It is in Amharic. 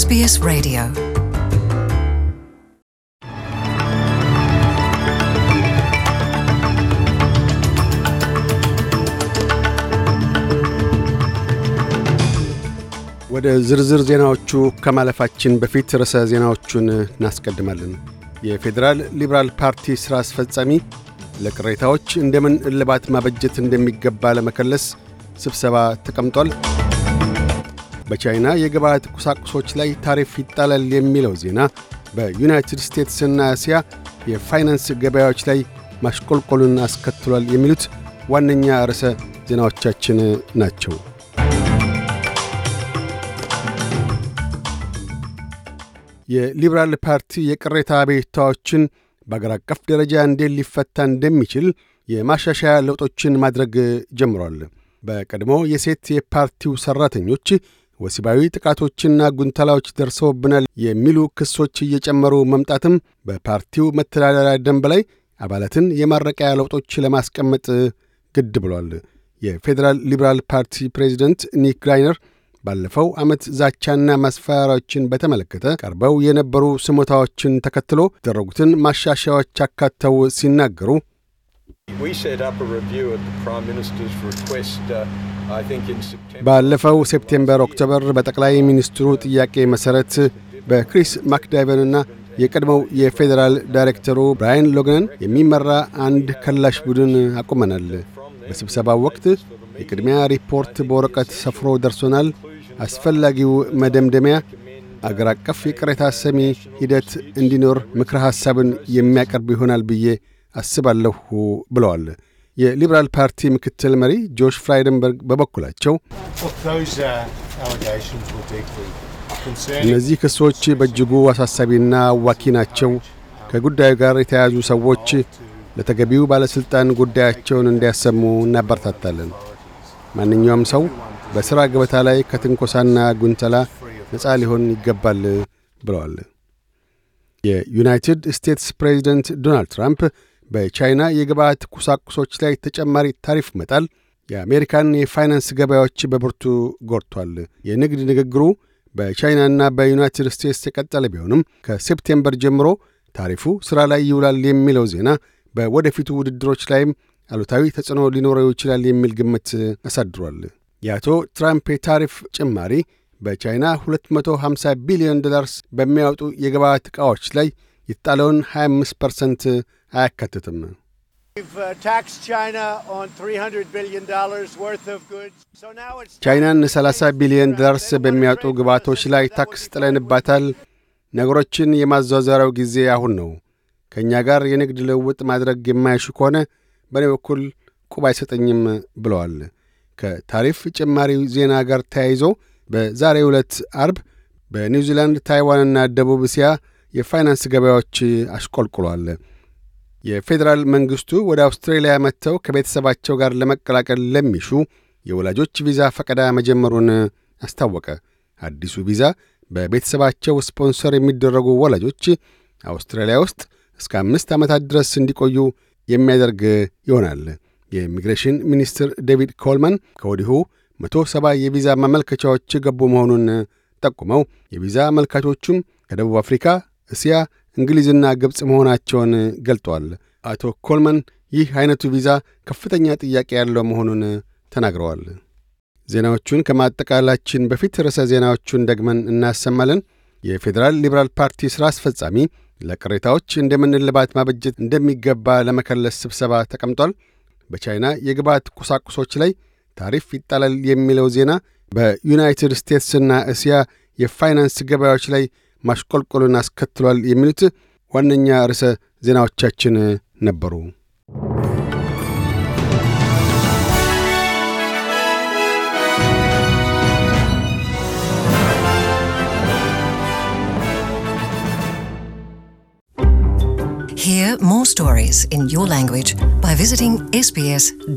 SBS ሬዲዮ ወደ ዝርዝር ዜናዎቹ ከማለፋችን በፊት ርዕሰ ዜናዎቹን እናስቀድማለን። የፌዴራል ሊብራል ፓርቲ ሥራ አስፈጻሚ ለቅሬታዎች እንደምን እልባት ማበጀት እንደሚገባ ለመከለስ ስብሰባ ተቀምጧል። በቻይና የግብዓት ቁሳቁሶች ላይ ታሪፍ ይጣላል የሚለው ዜና በዩናይትድ ስቴትስና እስያ የፋይናንስ ገበያዎች ላይ ማሽቆልቆልን አስከትሏል የሚሉት ዋነኛ ርዕሰ ዜናዎቻችን ናቸው። የሊበራል ፓርቲ የቅሬታ ቤታዎችን በአገር አቀፍ ደረጃ እንዴት ሊፈታ እንደሚችል የማሻሻያ ለውጦችን ማድረግ ጀምሯል። በቀድሞ የሴት የፓርቲው ሠራተኞች ወሲባዊ ጥቃቶችና ጉንተላዎች ደርሰውብናል የሚሉ ክሶች እየጨመሩ መምጣትም በፓርቲው መተዳደሪያ ደንብ ላይ አባላትን የማረቂያ ለውጦች ለማስቀመጥ ግድ ብሏል። የፌዴራል ሊበራል ፓርቲ ፕሬዚደንት ኒክ ግራይነር ባለፈው ዓመት ዛቻና ማስፈራሪያዎችን በተመለከተ ቀርበው የነበሩ ስሞታዎችን ተከትሎ የተደረጉትን ማሻሻያዎች አካተው ሲናገሩ ባለፈው ሴፕቴምበር ኦክቶበር በጠቅላይ ሚኒስትሩ ጥያቄ መሠረት በክሪስ ማክዳይቨንና የቀድሞው የፌዴራል ዳይሬክተሩ ብራያን ሎግነን የሚመራ አንድ ከላሽ ቡድን አቁመናል። በስብሰባው ወቅት የቅድሚያ ሪፖርት በወረቀት ሰፍሮ ደርሶናል። አስፈላጊው መደምደሚያ አገር አቀፍ የቅሬታ ሰሚ ሂደት እንዲኖር ምክረ ሐሳብን የሚያቀርብ ይሆናል ብዬ አስባለሁ ብለዋል። የሊበራል ፓርቲ ምክትል መሪ ጆሽ ፍራይደንበርግ በበኩላቸው እነዚህ ክሶች በእጅጉ አሳሳቢና አዋኪ ናቸው። ከጉዳዩ ጋር የተያያዙ ሰዎች ለተገቢው ባለሥልጣን ጉዳያቸውን እንዲያሰሙ እናበረታታለን። ማንኛውም ሰው በሥራ ገበታ ላይ ከትንኮሳና ጉንተላ ነፃ ሊሆን ይገባል ብለዋል። የዩናይትድ ስቴትስ ፕሬዚደንት ዶናልድ ትራምፕ በቻይና የግብዓት ቁሳቁሶች ላይ ተጨማሪ ታሪፍ መጣል የአሜሪካን የፋይናንስ ገበያዎች በብርቱ ጎድቷል። የንግድ ንግግሩ በቻይናና በዩናይትድ ስቴትስ የቀጠለ ቢሆንም ከሴፕቴምበር ጀምሮ ታሪፉ ሥራ ላይ ይውላል የሚለው ዜና በወደፊቱ ውድድሮች ላይም አሉታዊ ተጽዕኖ ሊኖረው ይችላል የሚል ግምት አሳድሯል። የአቶ ትራምፕ የታሪፍ ጭማሪ በቻይና 250 ቢሊዮን ዶላርስ በሚያወጡ የግብዓት ዕቃዎች ላይ የተጣለውን 25 ፐርሰንት አያካትትም። uh, ቻይናን 30 ቢሊዮን ዶላርስ በሚያወጡ ግብዓቶች ላይ ታክስ ጥለንባታል። ነገሮችን የማዘዋወሪያው ጊዜ አሁን ነው። ከእኛ ጋር የንግድ ልውውጥ ማድረግ የማያሹ ከሆነ በእኔ በኩል ቁብ አይሰጠኝም ብለዋል። ከታሪፍ ጭማሪው ዜና ጋር ተያይዞ በዛሬ ዕለት አርብ በኒውዚላንድ ታይዋንና ደቡብ እስያ የፋይናንስ ገበያዎች አሽቆልቁሏል። የፌዴራል መንግሥቱ ወደ አውስትሬልያ መጥተው ከቤተሰባቸው ጋር ለመቀላቀል ለሚሹ የወላጆች ቪዛ ፈቀዳ መጀመሩን አስታወቀ። አዲሱ ቪዛ በቤተሰባቸው ስፖንሰር የሚደረጉ ወላጆች አውስትራሊያ ውስጥ እስከ አምስት ዓመታት ድረስ እንዲቆዩ የሚያደርግ ይሆናል። የኢሚግሬሽን ሚኒስትር ዴቪድ ኮልማን ከወዲሁ መቶ ሰባ የቪዛ ማመልከቻዎች ገቡ መሆኑን ጠቁመው የቪዛ አመልካቾቹም ከደቡብ አፍሪካ፣ እስያ፣ እንግሊዝና ግብፅ መሆናቸውን ገልጧል። አቶ ኮልመን ይህ አይነቱ ቪዛ ከፍተኛ ጥያቄ ያለው መሆኑን ተናግረዋል። ዜናዎቹን ከማጠቃላችን በፊት ርዕሰ ዜናዎቹን ደግመን እናሰማለን። የፌዴራል ሊበራል ፓርቲ ሥራ አስፈጻሚ ለቅሬታዎች እንደምንልባት ማበጀት እንደሚገባ ለመከለስ ስብሰባ ተቀምጧል። በቻይና የግብዓት ቁሳቁሶች ላይ ታሪፍ ይጣላል የሚለው ዜና በዩናይትድ ስቴትስና እስያ የፋይናንስ ገበያዎች ላይ ማሽቆልቆልን አስከትሏል የሚሉት ዋነኛ ርዕሰ ዜናዎቻችን ነበሩ። Hear more stories in your language by visiting sbs.com.au.